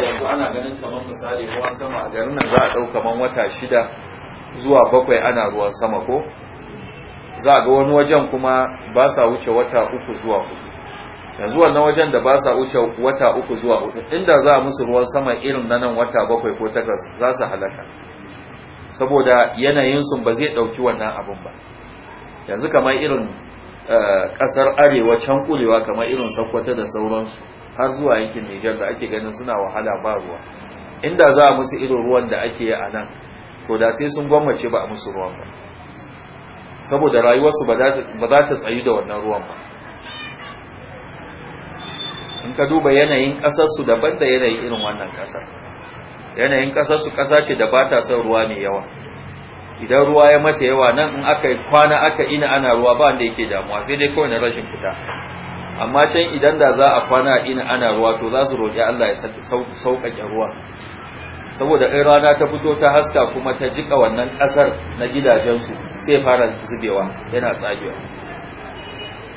yanzu ana ganin kamar misali ruwan sama a garin nan za a ɗau kamar wata shida zuwa bakwai ana ruwan sama ko za a ga wani wajen kuma ba sa wuce wata uku zuwa hudu yanzu wannan wajen da ba sa wuce wata uku zuwa hudu inda za a musu ruwan sama irin na nan wata bakwai ko takwas za su halaka saboda yanayinsu ba zai ɗauki wannan abin ba yanzu kamar irin eh, ƙasar arewa can kulewa kamar irin sakwata da sauransu har zuwa yankin Nijar da ake ganin suna wahala ba ruwa inda za a musu irin ruwan da ake yi a nan to da sai sun gwammace ba a musu ruwan ba saboda rayuwarsu ba za ta tsayu da wannan ruwan ba in ka duba yanayin ƙasarsu daban da yanayin irin wannan ƙasar yanayin ƙasarsu ƙasa ce da ba ta son ruwa mai yawa idan ruwa ya mata yawa nan in aka kwana aka ina ana ruwa ba wanda yake damuwa sai dai kawai na rashin fita amma can idan da za a kwana ina ana ruwa to za su roƙi Allah ya sauƙaƙe ruwa saboda ɗai rana ta fito ta haska kuma ta jika wannan ƙasar na gidajensu sai fara zubewa yana tsagewa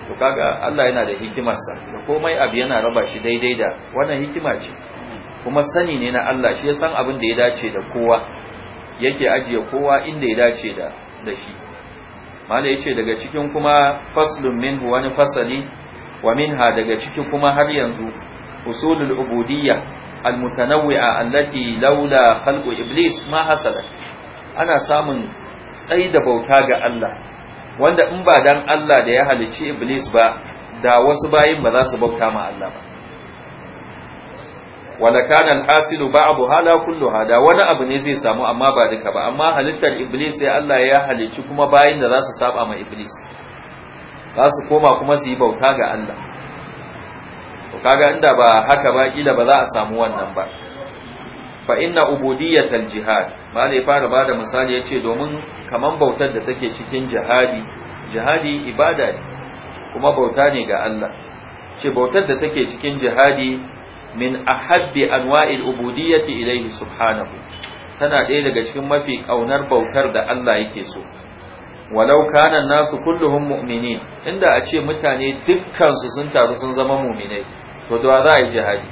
to kaga Allah yana da hikimarsa da komai abu yana raba shi daidai da wannan hikima ce kuma sani ne na Allah shi ya san abin da ya dace da kowa yake ajiye kowa inda ya dace da da shi mala yace daga cikin kuma faslun minhu wani fasali wa minha daga ciki kuma har yanzu usulul ubudiyya mutanawwi'a allati laula khalqu iblis ma hasala ana samun tsaida bauta ga Allah wanda in ba dan Allah da ya halicci iblis ba da wasu bayin ba za su bauta ma Allah ba wala kana alhasilu ba'du hala kullu hada wani abu ne zai samu amma ba duka ba amma halittar iblis sai Allah ya halicci kuma bayin da za su saba ma iblis za su koma kuma su yi bauta ga Allah to kaga inda ba haka ba kila ba za a samu wannan ba fa inna ubudiyatal jihad malai fara bada misali yace domin kaman bautar da take cikin jihadi jihadi ibada ne kuma bauta ne ga Allah ce bautar da take cikin jihadi min ahabbi anwa'il ubudiyyati ilayhi subhanahu tana ɗaya daga cikin mafi ƙaunar bautar da Allah yake so walau kana nasu kulluhum mu'minin inda a ce mutane dukkansu sun taru sun zama mu'minai to da za a yi jihadi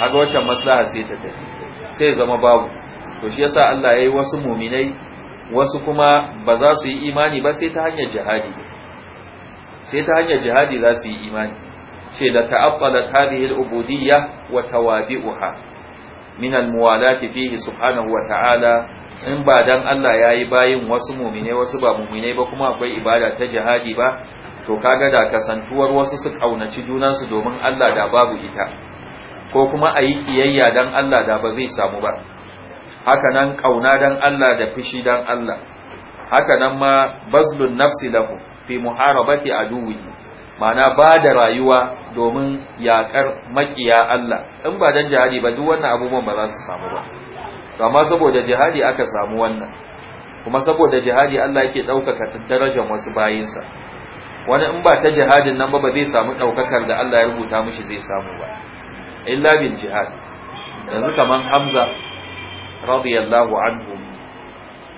A ga wacce maslaha sai ta tafi sai zama babu to shi yasa Allah ya yi wasu mu'minai wasu kuma ba za su yi imani ba sai ta hanyar jihadi sai ta hanyar jihadi za su yi imani ce da ta'abbala hadhihi al-ubudiyya wa tawabi'uha min al-muwalati fihi subhanahu wa ta'ala in ba dan Allah ya yi bayin wasu mumine wasu ba mumine ba kuma akwai ibada ta jihadi ba to ka ga da kasantuwar wasu su kaunaci junansu domin Allah da babu ita ko kuma a yi kiyayya dan Allah da ba zai samu ba haka nan kauna dan Allah da fishi dan Allah haka nan ma bazlun nafsi lahu fi muharabati aduwi mana ba da rayuwa domin yakar makiya Allah in ba dan jihadi ba duk wannan abubuwan ba za su samu ba To amma saboda jihadi aka samu wannan kuma saboda jihadi Allah yake ɗaukaka darajar wasu bayinsa wani in ba ta jihadin nan ba zai samu ɗaukakar da Allah ya rubuta mishi zai samu ba illa bil jihad yanzu kaman Hamza radiyallahu anhu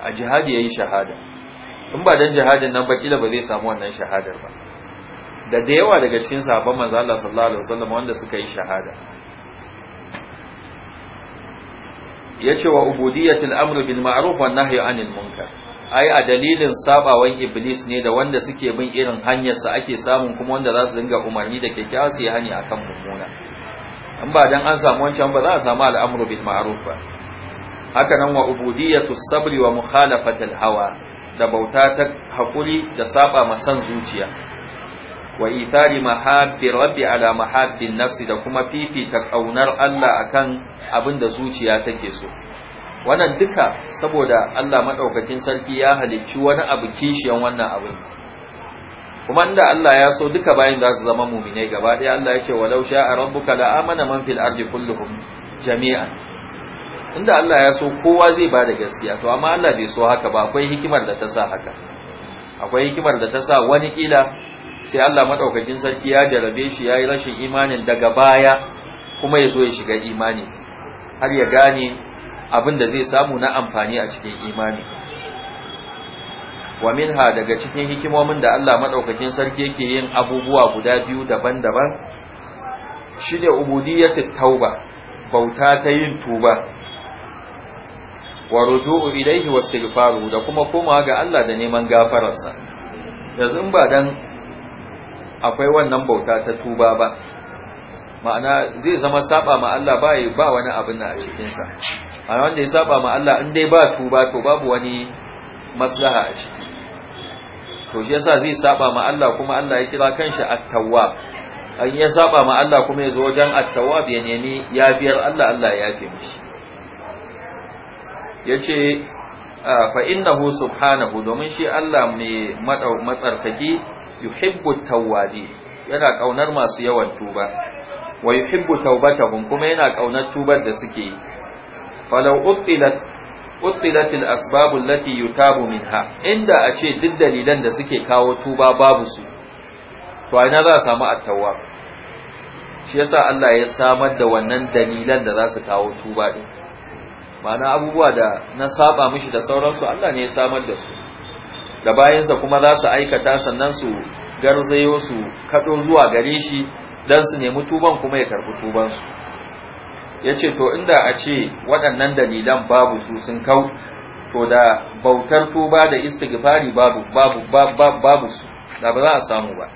a jihadi yayi shahada in ba dan jihadin nan ba kila ba zai samu wannan shahadar ba da da yawa daga cikin sahabban manzo Allah sallallahu alaihi wasallam wanda suka yi shahada ya ce wa ubudiyatul amru bil ma'ruf wan nahyi anil munkar ai a dalilin sabawan iblis ne da wanda suke bin irin hanyar sa ake samun kuma wanda za su dinga umarni da kyakkyawa su yi hani akan mummuna in ba dan an samu wancan ba za a samu al'amru bil ma'ruf ba haka nan wa ubudiyatus sabri wa mukhalafatul hawa da bauta ta hakuri da saba ma san zuciya wa ithari mahabbi rabbi ala mahabbi nafsi da kuma fifita kaunar Allah akan abin da zuciya take so wannan duka saboda Allah madaukakin sarki ya halicci wani abu kishiyan wannan abin kuma inda Allah ya so duka bayin za su zama mu'minai gaba ɗaya Allah ya ce walau sha'a rabbuka la amana man fil ardi kulluhum jami'an inda Allah ya so kowa zai ba da gaskiya to amma Allah bai so haka ba akwai hikimar da ta sa haka akwai hikimar da ta sa wani kila sai Allah madaukakin sarki ya jarabe shi yayi rashin imanin daga baya kuma ya zo ya shiga imani har ya gane abin da zai samu na amfani a cikin imani wa minha daga cikin hikimomin da Allah madaukakin sarki yake yin abubuwa guda biyu daban-daban shine ubudiyatut tauba bauta ta yin tuba wa ruju'u ilayhi wastighfaru da kuma komawa ga Allah da neman gafararsa yanzu in ba dan akwai wannan bauta ta tuba ba ma'ana zai zama saba ma Allah ba ba wani abin na a cikinsa a wanda ya saba ma Allah in dai ba tuba to babu wani maslaha a ciki to shi yasa zai saba ma Allah kuma Allah ya kira kanshi at-tawwab an ya saba ma Allah kuma ya zo wajen at-tawwab ya nemi yafiyar Allah Allah ya yafe mishi yace ah, fa innahu subhanahu domin shi Allah mai matsarkaki yuhibbu tawwabi yana kaunar masu yawan tuba wa yuhibbu tawbatahum kuma yana kaunar tubar da suke yi falau uttilat uttilat al-asbab allati yutabu minha inda a ce duk dalilan da suke kawo tuba babu su to ina za a samu at-tawwab shi yasa Allah ya samar da wannan dalilan da za su kawo tuba din ma'ana abubuwa da na saba mishi da sauransu Allah ne ya samar da su da bayansa kuma za su aikata sannan su garzayo su kaɗo zuwa gare shi don su nemi tuban kuma ya karɓi tubansu ya ce to inda a ce waɗannan dalilan babu su sun kau to da bautar tuba da istighfari babu babu babu su da ba za a samu ba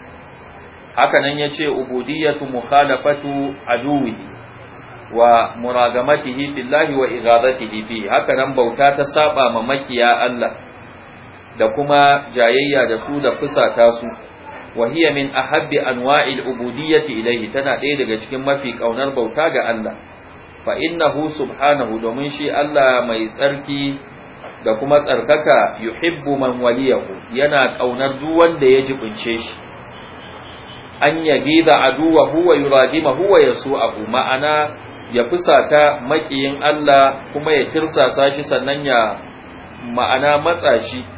haka nan ya ce ubudiyatu mukhalafatu aduwi wa muragamatihi billahi wa igadatihi bi haka nan bauta ta saba ma makiya Allah da kuma jayayya da su da fusata su wa hiya min ahabbi anwa'il ubudiyyati ilayhi tana ɗaya daga cikin mafi kaunar bauta ga Allah fa innahu subhanahu domin shi Allah mai tsarki da kuma tsarkaka yuhibbu man waliyahu yana kaunar duk wanda ya jibince shi an yagida aduwahu wa yuradimahu wa yasu'ahu ma'ana ya fusata makiyin Allah kuma ya tirsasa shi sannan ya ma'ana matsa shi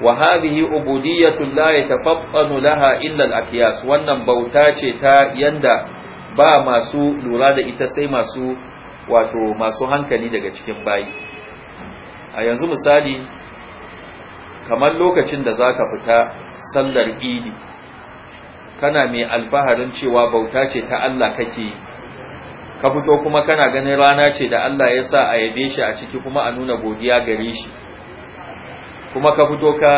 wa hadhihi ubudiyyatu la yatafaqqanu laha illa al-aqyas wannan bauta ce ta yanda ba masu lura da ita sai masu wato masu hankali daga cikin bayi a yanzu misali kamar lokacin da zaka fita sallar idi kana mai alfaharin cewa bauta ce ta Allah kake ka fito kuma kana ganin rana ce da Allah ya sa a yabe shi a ciki kuma a nuna godiya gare shi kuma ka fito ka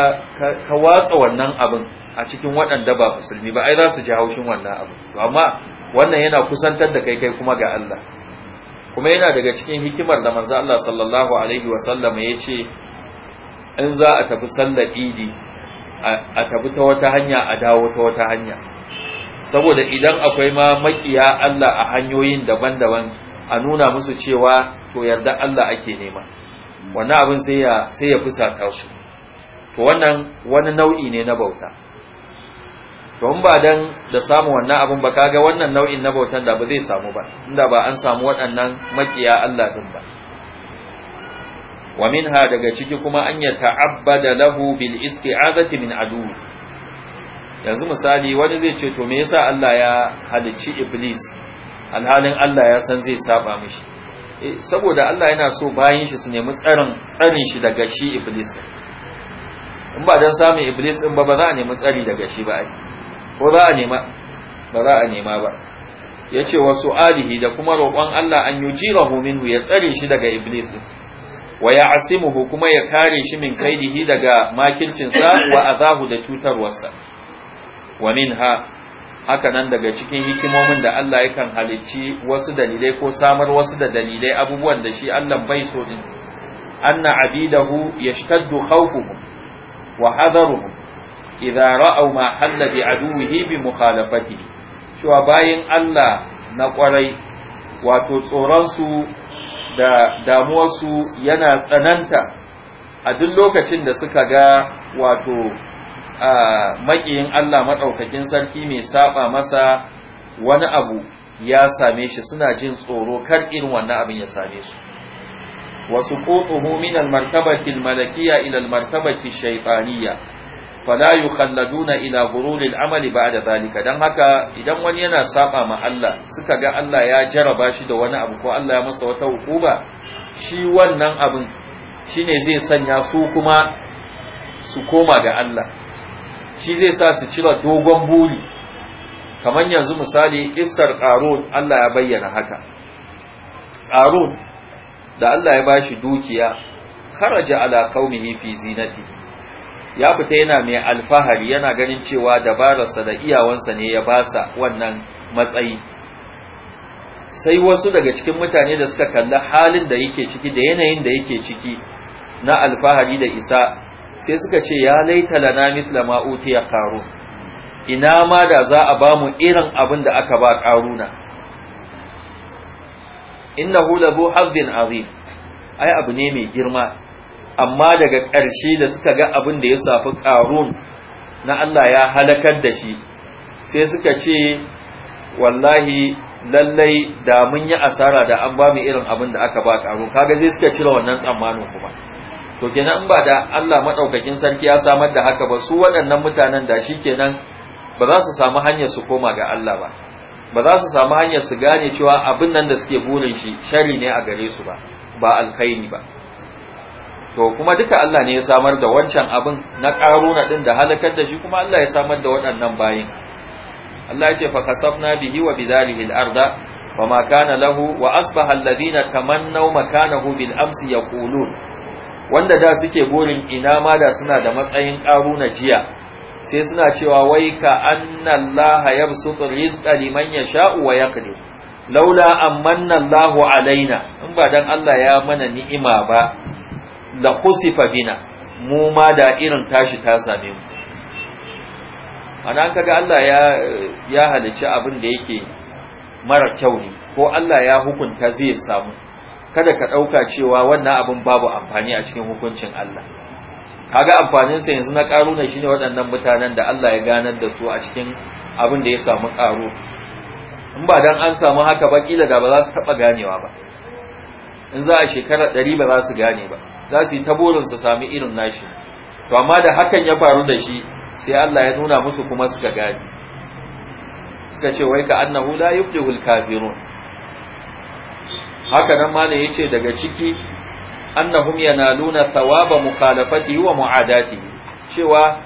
watsa wannan abin a cikin waɗanda ba musulmi ba ai za su ji haushin wannan abin to amma wannan yana kusantar da kai kai kuma ga Allah kuma yana daga cikin hikimar da manzo Allah sallallahu alaihi wa sallam ya ce in za a tafi sallar idi a tafi ta wata hanya a dawo ta wata hanya saboda idan akwai ma makiya Allah a hanyoyin daban-daban a nuna musu cewa to yarda Allah ake nema wannan abin sai ya sai ya fusata to wannan wani nau'i ne na bauta to in ba dan da samu wannan abun ba kaga wannan nau'in na bautan da ba zai samu ba inda ba an samu waɗannan makiya Allah din ba wa minha daga ciki kuma an ya ta'abbada lahu bil isti'azati min adu yanzu misali wani zai ce to me yasa Allah ya halicci iblis alhalin Allah ya san zai saba mishi eh, saboda Allah yana so bayan shi su nemi tsarin tsarin shi daga shi iblis in ba don samun iblis in ba ba za a nemi tsari daga shi ba ko za a nema ba za a nema ba ya ce wasu alihi da kuma roƙon Allah an yi jira minhu ya tsare shi daga iblis wa ya asimuhu kuma ya kare shi min kaidihi daga makircinsa wa azahu da cutarwarsa wa ha haka nan daga cikin hikimomin da Allah yakan halicci wasu dalilai ko samar wasu da dalilai abubuwan da shi Allah bai so din anna abidahu yashtaddu khawfuhum wa hadaruhu idza ra'aw ma halla bi aduwihi Allah na kwarai wato tsoronsu su da damuwar yana tsananta a duk lokacin da suka ga wato makiyin Allah madaukakin sarki mai saɓa masa wani abu ya same shi suna jin tsoro kar irin wanne abin ya same su وسقوطه من المرتبة الملكية إلى المرتبة الشيطانية فلا يخلدون amali ba العمل بعد zalika dan haka, idan wani yana saba ma Allah suka ga Allah ya jaraba shi da wani abu ko Allah ya masa wata hukuma shi wannan abin shine zai sanya su kuma su koma ga Allah shi zai sa su cira dogon buri kamar yanzu misali kissar Qarun Allah ya bayyana haka Qarun da Allah ya ba shi dukiya kharaja ala qaumihi fi zinati ya fita yana mai alfahari yana ganin cewa dabararsa da iyawansa ne ya basa wannan matsayi sai wasu daga cikin mutane da suka kalli halin da yake ciki da yanayin da yake ciki na alfahari da isa sai suka ce ya laita lana mithla ma utiya qarun ina ma da za a bamu irin abin da aka ba qaruna innahu lahu hazzin azim ai abu ne mai girma amma daga ƙarshe da suka ga abin da ya safi ƙarun na Allah ya halakar da shi sai suka ce wallahi lallai da mun yi asara da an ba mu irin abin da aka ba ƙarun kaga zai suka cire wannan tsammanin kuma to kenan ba da Allah madaukakin sarki ya samar da haka ba su waɗannan mutanen da shi kenan ba za su samu hanyar su koma ga Allah ba ba za su samu hanyar su gane cewa abin nan da suke burin shi shari ne a gare su ba ba alkhairi ba to kuma duka Allah ne ya samar da wancan abin na karuna din da halakar da shi kuma Allah ya samar da waɗannan bayin Allah ya ce fa kasafna bihi wa bidalihi al-arda wa ma kana lahu wa asbaha alladhina tamannaw makanahu bil amsi yaqulun wanda da suke burin ina ma da suna da matsayin karuna jiya sai suna cewa wai ka annallaha yabsutu rizqa liman yasha'u wa yaqdir laula amanna Allahu alaina in ba dan Allah ya mana ni'ima ba la kusifa bina mu ma da irin tashi ta same mu anan kaga Allah ya ya halicci abin da yake mara kyau ne ko Allah ya hukunta zai samu kada ka dauka cewa wannan abin babu amfani a cikin hukuncin Allah kaga amfanin sa yanzu na ne shine waɗannan mutanen da Allah ya ganar da su a cikin abin da ya samu karo in ba dan an samu haka ba kila da ba za su taba ganewa ba in za a shekara 100 ba za su gane ba za su yi taburin su sami irin nashi to amma da hakan ya faru da shi sai Allah ya nuna musu kuma suka gane suka ce wai ka annahu la yuflihul kafirun haka nan malam yace daga ciki annahum yanaluna thawaba mukhalafatihi wa mu'adatihi cewa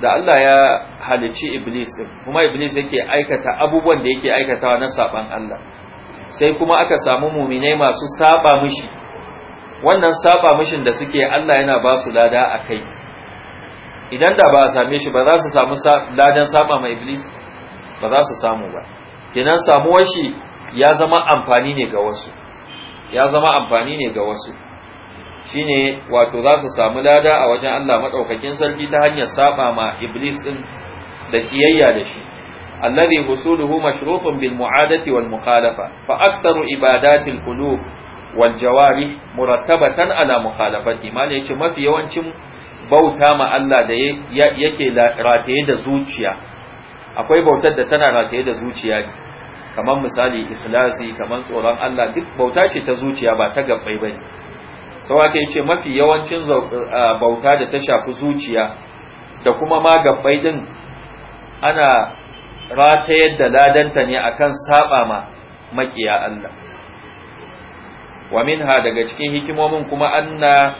da Allah ya halici iblis din kuma iblis yake aikata abubuwan da yake aikatawa na saban Allah sai kuma aka samu muminai masu saba mishi wannan saba mishin da suke Allah yana ba su lada a kai idan da ba a same shi ba za su samu ladan saba ma iblis ba za su samu ba kenan samuwar shi ya zama amfani ne ga wasu ya zama amfani ne ga wasu shine wato za su samu lada a wajen Allah maɗaukakin sarki ta hanyar saba ma iblis din da kiyayya da shi alladhi husuluhu mashrutun bil mu'adati wal mukhalafa fa aktharu ibadati al qulub wal jawari murattabatan ala mukhalafati mal yace mafi yawancin bauta ma Allah da yake rataye da zuciya akwai bautar da tana rataye da zuciya ne kamar misali ikhlasi kamar tsoron Allah duk bauta ce ta zuciya ba ta gabbai bane sau aka yi ce mafi yawancin bauta da ta shafi zuciya da kuma ma gabbai din ana ratayar da ladanta ne akan saba ma makiya Allah wa minha daga cikin hikimomin kuma anna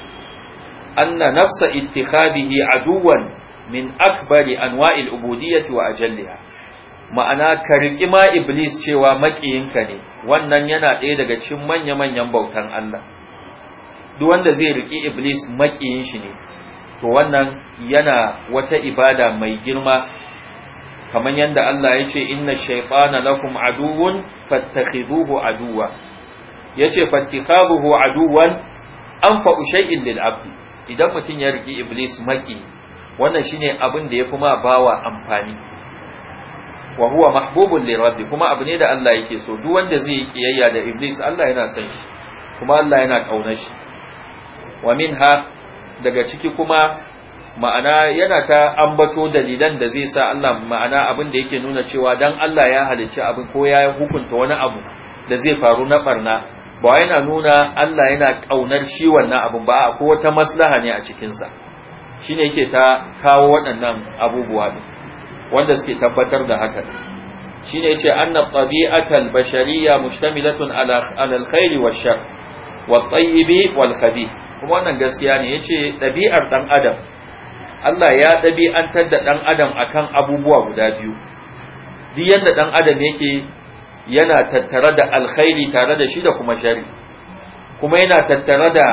anna nafsa ittikhadihi aduwan min akbari anwa'il ubudiyyati wa ajalliha ma'ana ka riƙi ma iblis cewa maƙiyinka ne wannan yana ɗaya daga cikin manya-manyan bautan Allah duk wanda zai riƙi iblis maƙiyin shi ne to wannan yana wata ibada mai girma kamar yadda Allah ya ce inna shaytana lakum aduwwun fattakhiduhu aduwa yace fattakhabuhu aduwan anfa'u shay'in lil abdi idan mutun ya riki iblis maki wannan shine abin da yafi ma bawa amfani wa huwa mahbubun li rabbi kuma abu ne da Allah yake so duk wanda zai yi kiyayya da iblis Allah yana san shi kuma Allah yana kaunar shi wa minha daga ciki kuma ma'ana yana ta ambato dalilan da zai sa Allah ma'ana abin da yake nuna cewa dan Allah ya halicci abin ko ya hukunta wani abu da zai faru na barna ba yana nuna Allah yana kaunar shi wannan abin ba ko wata maslaha ne a cikin sa shine yake ta kawo waɗannan abubuwa din wanda suke tabbatar da haka Shi yace ce, tabi'atal bashariyya mushtamilatun ala ala alkhair wa shar wa tayyib wal kuma wannan gaskiya ne yace ɗabi'ar ɗan adam Allah ya ɗabi'antar da ɗan adam akan abubuwa guda biyu duk yanda ɗan adam yake yana tattare da alkhairi tare da shi da kuma shari kuma yana tattare da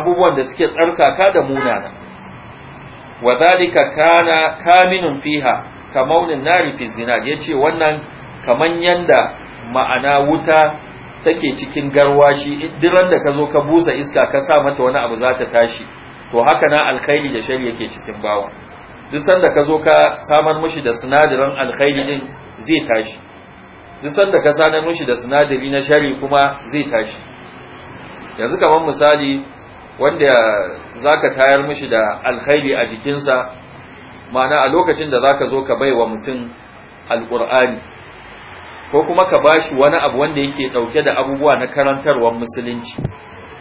abubuwan da suke tsarkaka da munana wa Wazalika kana kaminun fiha kamaunin nari fi zina ya ce wannan kaman yadda ma'ana wuta take cikin garwashi idan da ka zo ka busa iska ka sa mata wani abu za ta tashi to haka na alkhairi da shari yake cikin bawa duk sanda ka zo ka samar mishi da sinadarin alkhairi din zai tashi duk sanda ka sanar mushi da sinadari na shari kuma zai tashi yanzu kamar misali wanda zaka tayar mishi da alkhairi a jikinsa ma'ana a lokacin da zaka zo ka baiwa mutum alqur'ani ko kuma ka bashi wani abu wanda yake dauke da abubuwa na karantarwar musulunci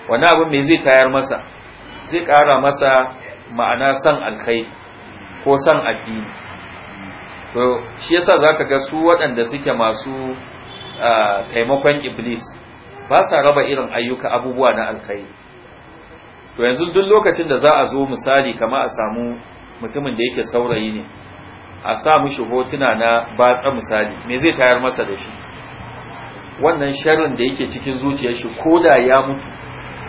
wani abu mai zai tayar masa zai kara masa ma'ana san alkhairi ko san addini to shi yasa zaka ga su waɗanda suke masu taimakon iblis ba sa raba irin ayyuka abubuwa na alkhairi to yanzu duk lokacin da za a zo misali kamar a samu mutumin da yake saurayi ne a sa mishi hotuna na batsa misali me zai tayar masa da shi wannan sharrin da yake cikin zuciyar shi koda ya mutu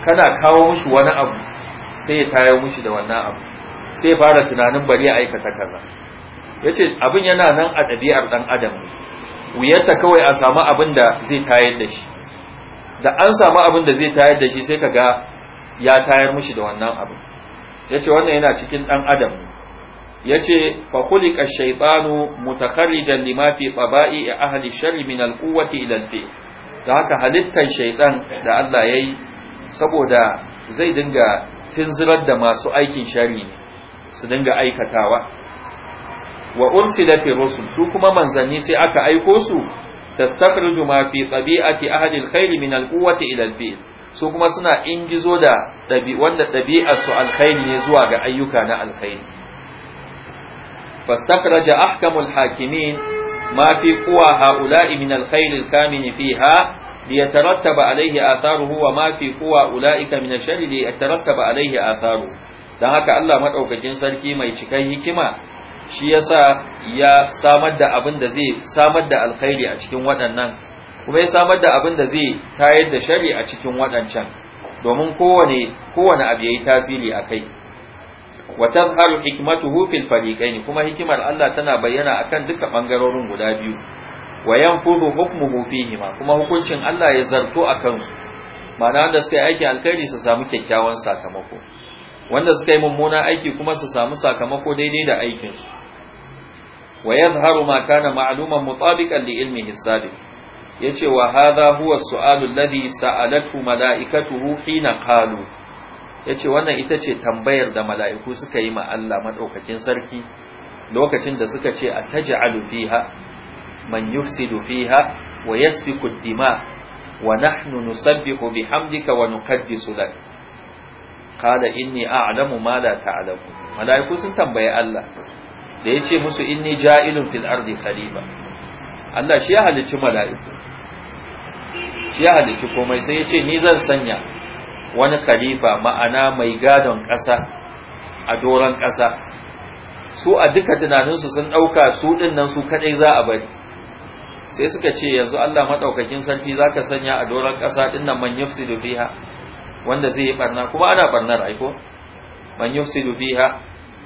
kana kawo mishi wani abu sai ya tayar mishi da wannan abu sai ya fara tunanin bari ya aikata kaza yace abin yana nan a ɗabi'ar dan adam wuyarta kawai a samu abin da zai tayar da shi da an samu abin da zai tayar da shi sai kaga ya tayar mishi da wannan abin yace wannan yana cikin dan adam yace fa khuliqa ash-shaytanu mutakharrijan lima fi taba'i ahli sharri min al-quwwati ila al da haka halittar shaiɗan, da Allah yayi saboda zai dinga tinzirar da masu aikin shari ne su dinga aikatawa wa da rusul su kuma manzanni sai aka aiko su tastakhriju ma fi tabi'ati ahli al-khair min al-quwwati ila al su kuma suna ingizo da wanda ɗabi'ar su alkhairi ne zuwa ga ayyuka na alkhairi raja ahkamul hakimi ma fi quwa haula'i min al-khayl al-kamin fiha ليترتب عليه آثاره وما في قوى أولئك من الشر ليترتب عليه آثاره dan haka Allah madaukakin sarki mai cikan hikima shi yasa ya samar da abin da zai samar da alkhairi a cikin waɗannan kuma ya samar da abin da zai tayar da shari a cikin waɗancan domin kowane kowane abu yayi tasiri a kai. wa tazharu hikmatuhu fil fariqaini kuma hikimar Allah tana bayyana akan duka bangarorin guda biyu wa yanfudu hukmuhu fihima kuma hukuncin Allah ya zarto akan su Mana wanda suka yi aiki alkhairi su samu kyakkyawan sakamako wanda suka yi mummunan aiki kuma su samu sakamako daidai da aikin su wa yadhharu ma kana ma'luman mutabiqan li ilmihi sabiq yace wa hadha huwa as-su'alu alladhi sa'alatu mala'ikatuhu hina qalu Ya ce wannan ita ce tambayar da mala'iku suka yi ma Allah madaukakin sarki lokacin da suka ce a ataj'alu fiha man yufsidu fiha wa yasfiku ad-dima wa nahnu nusabbihu hamdika wa nuqaddisu lak qala inni a'lamu ma ta alamu. mala'iku sun tambaye Allah da ya ce musu inni ja'ilun fil ardi khalifa Allah shi ya halicci mala'iku shi ya halicci komai sai ya ce ni zan sanya wani khalifa ma'ana mai gadon ƙasa a doron ƙasa su a duka tunaninsu sun ɗauka su ɗin nan su kaɗai za a bari sai suka ce yanzu Allah maɗaukakin sarki za ka sanya a doron ƙasa ɗin nan man yufsidu fiha wanda zai yi ɓarna kuma ana ɓarnar aiko man yufsidu fiha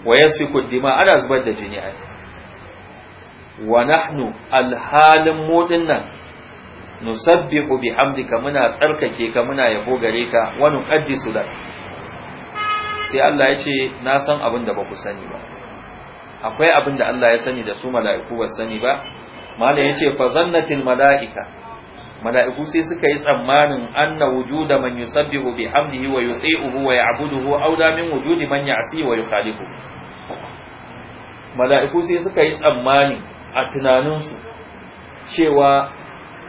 wa yasfiku dima ana zubar da jini ai wa nahnu alhalin mu ɗin nan nusabbihu bihamdika muna tsarkake ka muna yabo gare ka wa nuqaddisu lak sai Allah ya ce na san abin da ba ku sani ba akwai abin da Allah ya sani da su mala'iku ba sani ba malai ya ce fa zannatil mala'ika mala'iku sai suka yi tsammanin anna wujuda man yusabbihu bihamdihi wa yuti'uhu wa ya'buduhu awda min wujudi man ya'si wa yukhalifu mala'iku sai suka yi tsammani a tunaninsu cewa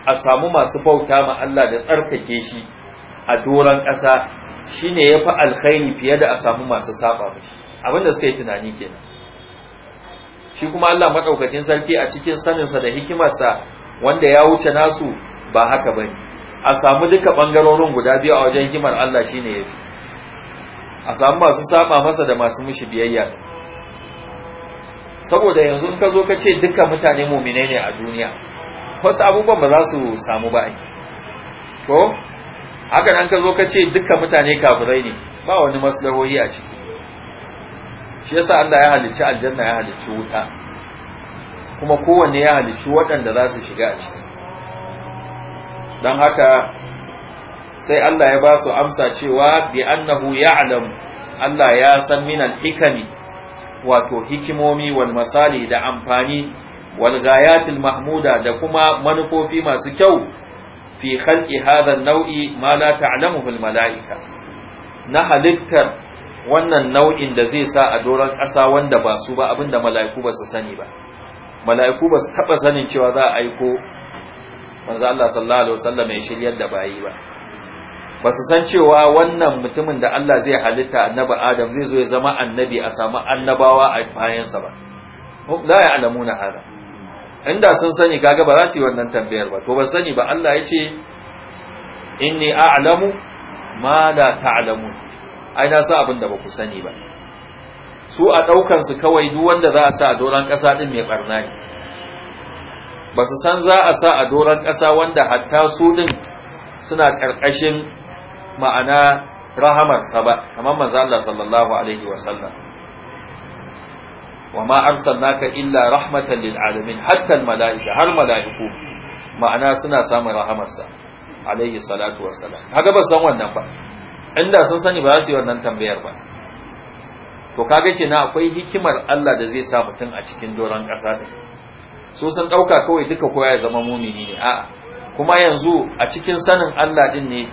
a samu masu bauta ma Allah da tsarkake shi a doron ƙasa shi ne ya fi alkhairi fiye da a samu masu saba mashi abinda suka yi tunani kenan shi kuma Allah maɗaukakin sarki a cikin saninsa da hikimarsa wanda ya wuce nasu ba haka ba a samu duka ɓangarorin guda biyu a wajen hikimar Allah shi ne ya fi a samu masu saba masa da masu mishi biyayya saboda yanzu in ka zo ka ce duka mutane mumine ne a duniya wasu abubuwan ba za su samu ba ai ko haka nan ka zo ka ce dukkan mutane kafirai ne ba wani maslahohi a ciki shi yasa Allah ya halicci aljanna ya halicci wuta kuma kowanne ya halicci waɗanda za su shiga a ciki don haka sai Allah ya ba su amsa cewa bi annahu alamu Allah ya san min al-hikami wato hikimomi wal masali da amfani wal mahmuda da kuma manufofi masu kyau fi khalqi hadha nau'i ma la ta'lamuhu al mala'ika na halittar wannan nau'in da zai sa a doron ƙasa wanda ba su ba abinda mala'iku ba su sani ba mala'iku ba su taba sanin cewa za a aiko manzo Allah sallallahu alaihi wasallam ya shiryar da bayi ba ba su san cewa wannan mutumin da Allah zai halitta annabi Adam zai zo ya zama annabi a samu annabawa a bayansa ba la ya'lamuna hada inda sun sani kaga ba za su yi wannan tambayar ba to ba sani ba Allah ya ce inni a'lamu ma la ta'lamun ai na sa abin da ba ku sani ba su a daukar su kawai duk wanda za a sa a doran kasa din mai barna ne ba su san za a sa a doran kasa wanda hatta su din suna karkashin ma'ana sa ba kamar manzo Allah sallallahu alaihi wasallam wa ma arsalnaka illa rahmatan lil alamin hatta al malaika har malaiku ma'ana suna samun rahamarsa Alayhi, salatu wassalam kaga ba san wannan ba inda sun sani ba za su yi wannan tambayar ba to kaga kenan akwai hikimar Allah da zai sa mutum a cikin doron ƙasa din su sun ɗauka kawai duka koya ya zama mumini ne a'a kuma yanzu a cikin sanin Allah din ne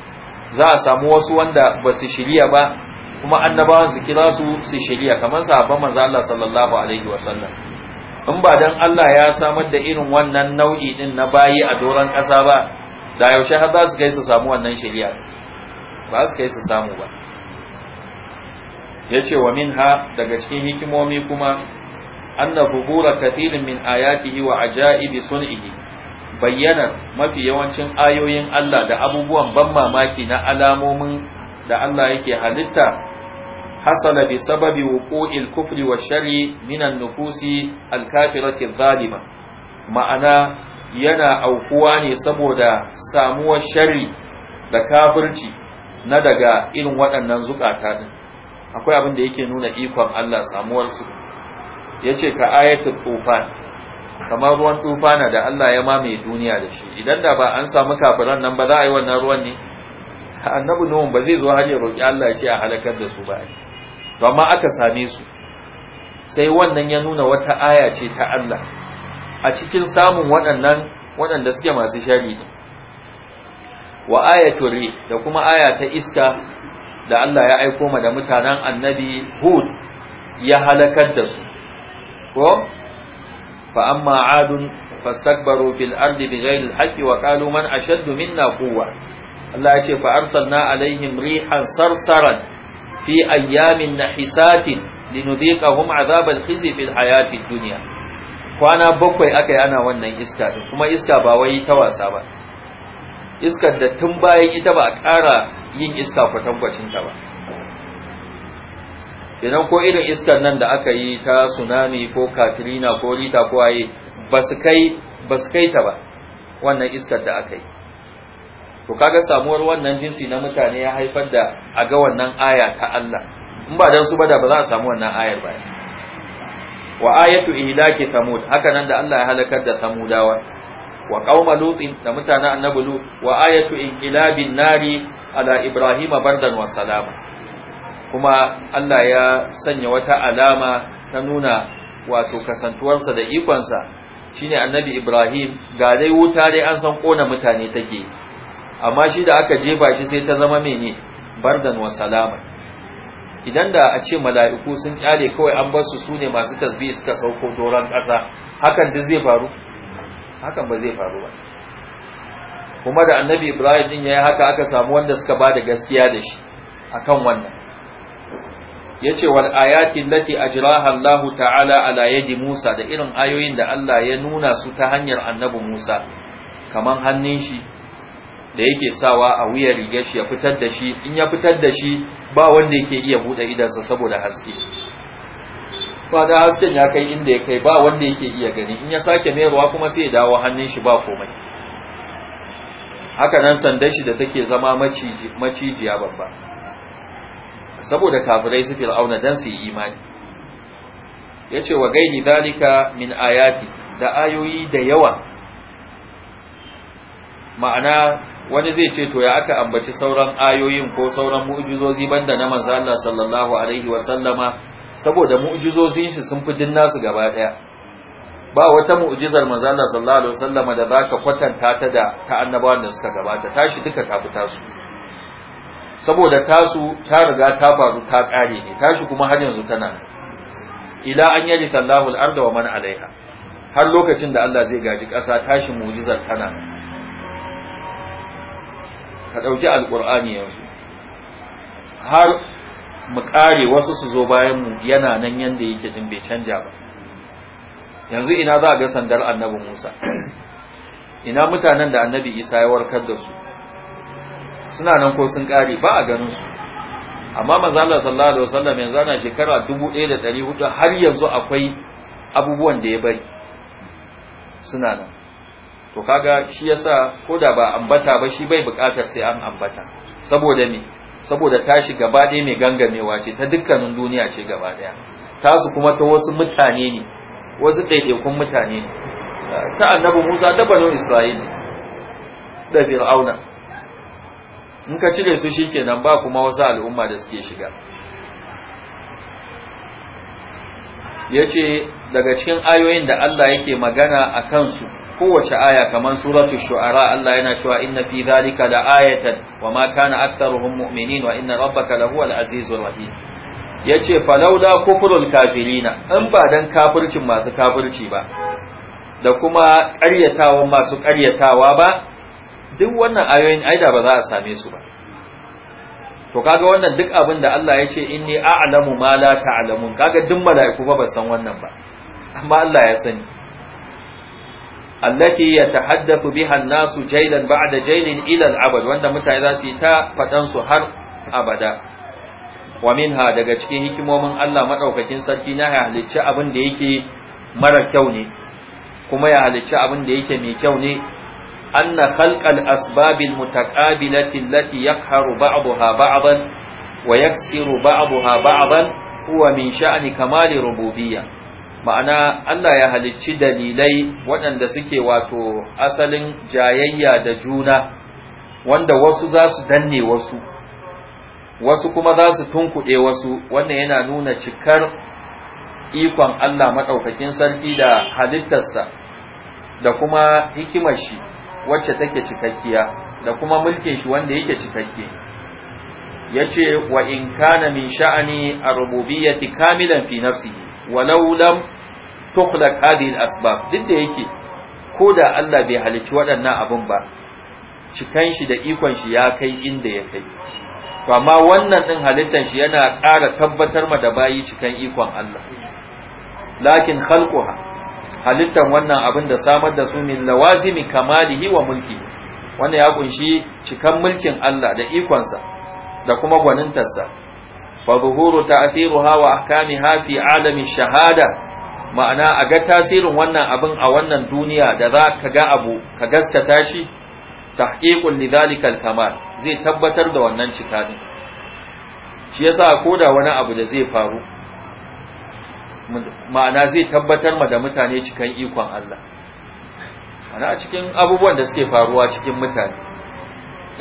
za a samu wasu wanda ba su shirya ba kuma annabawan su kira su su shari'a kamar sahabban manzo Allah sallallahu alaihi wasallam in ba dan Allah ya samar da irin wannan nau'i din na bayi a doron ƙasa ba da yaushe har za su kai su samu wannan shari'a ba su kai su samu ba yace wa minha daga cikin hikimomi kuma anna bubura kathirin min ayatihi wa ajaibi sun'ihi bayyana mafi yawancin ayoyin Allah da abubuwan ban mamaki na alamomin da Allah yake halitta hasala bi sababi wuqu'il kufri wa shari minan nufusi alkafirati zalima ma'ana yana aukuwa ne saboda samuwar shari da kafirci na daga irin waɗannan zukata din akwai abin da yake nuna ikon Allah samuwar su yace ka ayatul tufan kamar ruwan tufana da Allah ya mamaye duniya da shi idan da ba an samu kafiran nan ba za a yi wannan ruwan ne annabi nuhun ba zai zo har ya roƙi Allah ya ce a halakar da su ba ne, to amma aka same su sai wannan ya nuna wata aya ce ta Allah a cikin samun waɗannan waɗanda suke masu shari ne wa ayatul ri da kuma aya ta iska da Allah ya aiko ma da mutanen annabi Hud ya halakar da su ko fa amma adun fastakbaru fil ardi bighayri al-haqqi wa qalu man ashaddu minna quwwa Allah ya ce fa arsalna alaihim rihan sarsaran fi ayyamin nahisatin linudhiqahum azab al-khizy fil hayati dunya kwana bakwai akai ana wannan iska din kuma iska ba wai ta wasa ba iskar da tun bayan ita ba a ƙara yin iska kwatankwacin ta ba idan ko irin iskar nan da aka yi ta tsunami ko katrina ko rita ko waye ba su kai ta ba wannan iskar da aka yi to kaga samuwar wannan jinsi na mutane ya haifar da a ga wannan aya ta Allah in ba dan su ba da ba za a samu wannan ayar ba wa ayatu ihlaki thamud haka nan da Allah ya halakar da thamudawa wa qauma lutin da mutanen annabi lut wa ayatu inqilabin nari ala ibrahima bardan wa salama kuma Allah ya sanya wata alama ta nuna wato kasantuwarsa da ikonsa shine annabi ibrahim ga dai wuta dai an san kona mutane take amma shi da aka jefa shi sai ta zama mene bardan wa salama idan da a ce mala'iku sun kyale kawai an bar su sune masu tasbih suka sauko doron ƙasa hakan da zai faru hakan ba zai faru ba kuma da annabi ibrahim din yayi haka aka samu wanda suka ba da gaskiya da shi akan wannan yace wal ayati allati ajraha Allah ta'ala ala yadi Musa da irin ayoyin da Allah ya nuna su ta hanyar annabi Musa kaman hannun shi da yake sawa a wuya rigar shi ya fitar da shi in ya fitar da shi ba wanda yake iya bude idansa saboda haske ba da hasken ya kai inda ya kai ba wanda yake iya gani in ya sake mayarwa kuma sai ya dawo hannun shi ba komai haka nan sandar shi da take zama macijiya babba saboda kafirai su fir'auna don su yi imani Ya ce, wa gaini dalika min ayati da ayoyi da yawa ma'ana wani zai ce to ya aka ambaci sauran ayoyin ko sauran mu'jizozi banda na manzo Allah sallallahu alaihi wa sallama saboda mu'jizozin shi sun fi dinna su gaba daya ba wata mu'jizar manzo Allah sallallahu alaihi wa sallama da zaka kwatanta ta da ta annabawan da suka gabata tashi duka fita su saboda tasu ta riga ta faru ta kare ne tashi kuma har yanzu tana ila an yaji Allahu al ardu wa man alaiha har lokacin da Allah zai gaji ƙasa tashi mu'jizar tana ka ɗauki alƙur'ani yanzu har mu ƙare wasu su zo bayan mu yana nan yanda yake din bai canja ba yanzu ina za a ga sandar annabi musa ina mutanen da annabi isa ya warkar da su suna nan ko sun kare ba a ganin su amma mazala sallallahu alaihi wasallam yanzu ana shekara 1400 har yanzu akwai abubuwan da ya bari suna nan to kaga shi yasa ko da ba ambata ba shi bai bukatar sai an ambata saboda me saboda tashi gaba ɗaya mai gangamewa ce ta dukkanin duniya ce gaba ɗaya tasu kuma ta wasu mutane ne wasu ɗaiɗaikun mutane ne ta annabi Musa da banu Isra'ila da Fir'auna in ka cire su shikenan ba kuma wasu al'umma da suke shiga yace daga cikin ayoyin da Allah yake magana a kansu kowace aya kamar suratul shu'ara Allah yana cewa inna fi dhalika la ayatan wa ma kana aktharuhum mu'minin wa inna rabbaka huwal azizur rahim yace falawla kufrul kafirina in ba dan kafircin masu kafirci ba da kuma ƙaryatawan masu ƙaryatawa ba duk wannan ayoyin aida ba za a same su ba to kaga wannan duk abin da Allah ya ce inni a'lamu ma la ta'lamun kaga duk mala'iku ba ba san wannan ba amma Allah ya sani allati ya biha bihan nasu jaylan ba'da jaylin ila al-abad wanda mutane za su yi ta faɗansu har abada wa minha daga cikin hikimomin Allah madaukakin sarki na ya halicci abin da yake mara kyau ne kuma ya halicci abin da yake mai kyau ne anna khalqal asbabil mutaqabilati allati yaqharu ba'daha ba'dan wa yaksiru ba'daha ba'dan huwa min sha'ani kamali rububiyyah ma'ana Allah ya halicci dalilai waɗanda suke wato asalin jayayya da juna wanda wasu za su danne wasu wasu kuma za su tunkuɗe wasu wanda yana nuna cikar ikon Allah maɗaukakin sarki da halittarsa da kuma hikimar shi wacce take cikakkiya da kuma mulkin shi wanda yake cikakke ce wa in kana min sha'ani a rububiyyati kamilan fi nafsi walau lam tukhlaq hadhihi al-asbab duk da yake ko da Allah bai halicci waɗannan abun ba cikan shi da ikon shi ya kai inda ya kai to amma wannan din halittan shi yana ƙara tabbatar ma da bayi cikan ikon Allah lakin khalquha halittan wannan abin da samar da su min lawazimi kamalihi wa mulki wannan ya kunshi cikan mulkin Allah da ikonsa da kuma gwanintarsa fa zuhuru ta'thiruha wa ahkamiha fi alamin shahada ma'ana a ga tasirin wannan abin a wannan duniya da za ka ga abu ka gaskata shi tahqiqul lidhalikal kamal zai tabbatar da wannan cika din shi yasa koda wani abu da zai faru ma'ana zai tabbatar ma da mutane cikan ikon Allah ana a cikin abubuwan da suke faruwa cikin mutane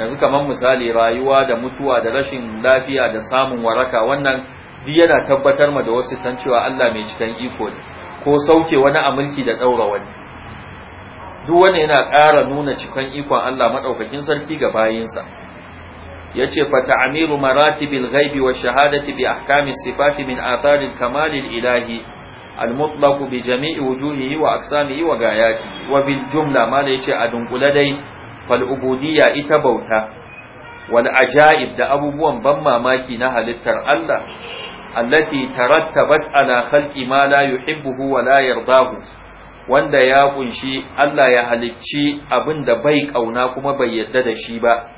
yanzu kamar misali rayuwa da mutuwa da rashin lafiya da samun waraka wannan duk yana tabbatar ma da wasu san cewa Allah mai cikan iko ne ko sauke wani a mulki da ɗaura wani duk wani yana ƙara nuna cikon ikon Allah maɗaukakin sarki ga bayinsa ya ce fata amiru maratibin gaibi wa shahadati bi ahkami sifati min atarin kamalin ilahi almutlaku bi jami'i wujuhihi wa aksamihi wa gayati wa bil jumla ma yace a dunkule dai fal ubudiyya ita bauta wal ajaib da abubuwan ban mamaki na halittar Allah التي ترتبت على خلق ما لا يحبه ولا يرضاه wanda ya kunshi Allah ya halicci abin da bai kauna kuma bai yadda da shi ba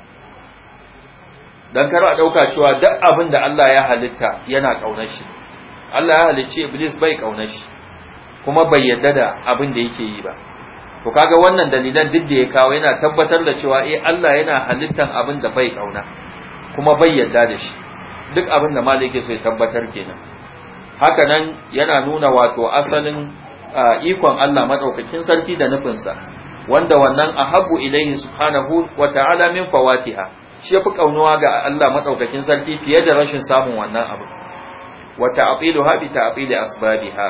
dan kar a dauka cewa duk abin da Allah ya halitta yana kaunar shi Allah ya halicci iblis bai kaunar shi kuma bai yadda da abin da yake yi ba to kaga wannan dalilan duk da ya kawo yana tabbatar da cewa eh Allah yana halittan abin da bai kauna kuma bai yadda da shi duk abin da malik sai tabbatar kenan haka nan yana nuna wato asalin ikon Allah madaukakin sarki da nufinsa wanda wannan ahabbu ilaihi subhanahu wa ta'ala min fawatiha shi yafi kaunuwa ga Allah madaukakin sarki fiye da rashin samun wannan abu wa ta'tiluha bi ta'tili asbabiha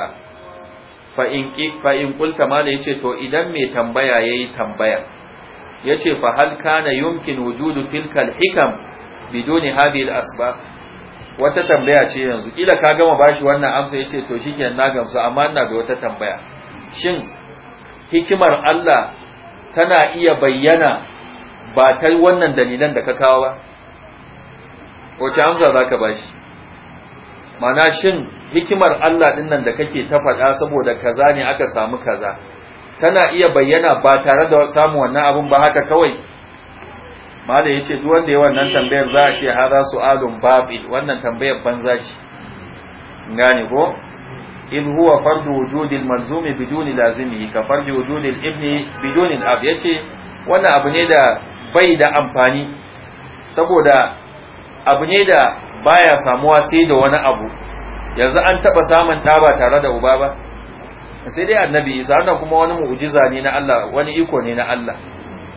fa in fa in qulta mala yace to idan mai tambaya yayi tambaya yace fa hal kana yumkin wujudu tilka al-hikam biduni hadhihi al-asbab wata tambaya ce yanzu kila ka gama bashi wannan amsa yace to shikenan na gamsu amma ina da wata tambaya shin hikimar Allah tana iya bayyana ba ta wannan dalilan da ka kawo ba wace amsa za ka bashi mana shin hikimar Allah din nan da kake ta faɗa saboda kaza ne aka samu kaza tana iya bayyana ba tare da samu wannan abun ba haka kawai mala yace duk wanda ya wannan eh. tambayar za a ce hada su'alun babil wannan tambayar banza ce gane ko in huwa fardu wujudil malzumi biduni lazimi ka fardu wujudil ibni biduni al yace wannan abu ne da bai da amfani saboda abu ne da baya samuwa sai da wani abu yanzu an taba samun ɗa ba tare da uba ba sai dai annabi isa wannan kuma wani mu'jiza ne na Allah wani iko ne na Allah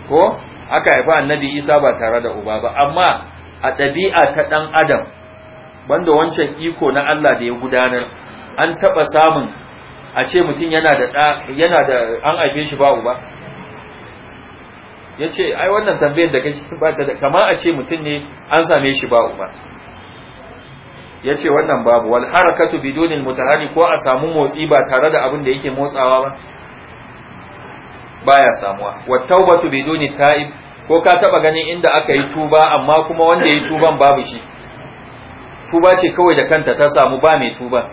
ko aka haifa annabi isa ba tare da uba ba amma a ɗabi'a ta ɗan adam banda wancan iko na Allah da ya gudanar an taɓa samun a ce mutum yana da yana da an haife shi ba uba ya ce ai wannan tambayar da kake ba ta da kama a ce mutum ne an same shi ba uba ya ce wannan babu wal harakatu bidonil mutahari ko a samu motsi ba tare da abin da yake motsawa ba baya samuwa wa taubatu biduni ta'ib ko ka taba ganin inda aka yi tuba amma kuma wanda ya yi tuban babu shi tuba ce kawai da kanta ta samu ba mai tuba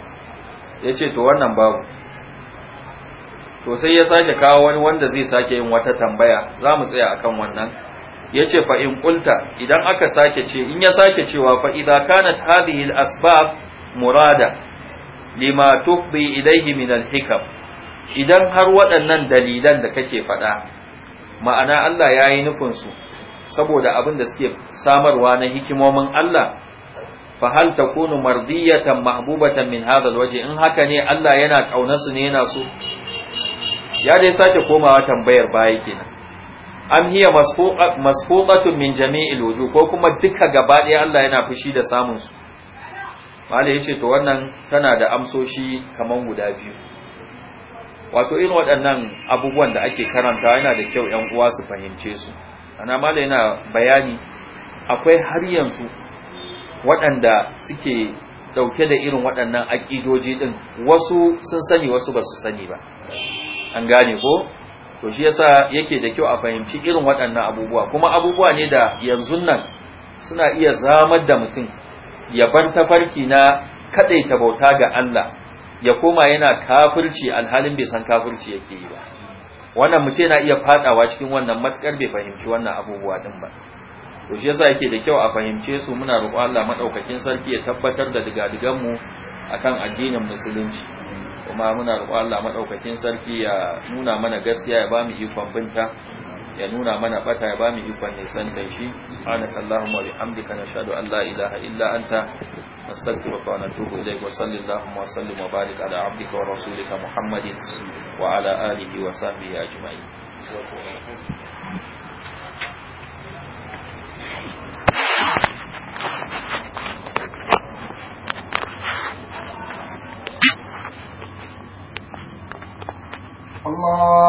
ya ce to wannan babu to sai ya sake kawo wani wanda zai sake yin wata tambaya za mu tsaya akan wannan yace ce fa in kulta idan aka sake ce in ya sake cewa fa idza kanat hadhihi al asbab murada lima tuqbi ilayhi min al hikam idan har waɗannan dalilan da kake faɗa ma'ana Allah ya yi nufinsu saboda abin da suke samarwa na hikimomin Allah fa hal kunu mardiyatan mahbubatan min hadal waje. in haka ne Allah yana ƙaunarsu ne yana so ya dai sake komawa tambayar baya kenan am hiya masfuqatun min jami'il wujuh ko kuma duka gaba ɗaya Allah yana fushi da samun su malai yace to wannan tana da amsoshi kaman guda biyu wato irin waɗannan abubuwan da ake karanta yana da kyau ‘yan uwa su fahimce su ana mala yana bayani akwai har yanzu waɗanda suke ɗauke da irin waɗannan aƙidoji din wasu sun sani wasu ba su sani ba an gane ko to shi yasa yake da kyau a fahimci irin waɗannan abubuwa kuma abubuwa ne da yanzu nan suna iya zamar da mutum ya bar tafarki na kaɗaita bauta ga Allah ya koma yana kafirci alhalin bai san kafirci yake yi ba wannan mutum yana iya fadawa cikin wannan matukar bai fahimci wannan abubuwa din ba to shi yasa yake da kyau a fahimce su muna roƙon Allah madaukakin sarki ya tabbatar da digadigan mu akan addinin musulunci kuma muna roƙon Allah madaukakin sarki ya nuna mana gaskiya ya bamu ikon binta ya nuna mana bata ya bamu ikon nisan da shi subhanaka allahumma bihamdika nashhadu an la ilaha illa anta nastaghfiruka wa natubu ilayk wa sallallahu wa sallim wa barik ala abdika wa rasulika muhammadin wa ala alihi wa sahbihi ajma'in Allah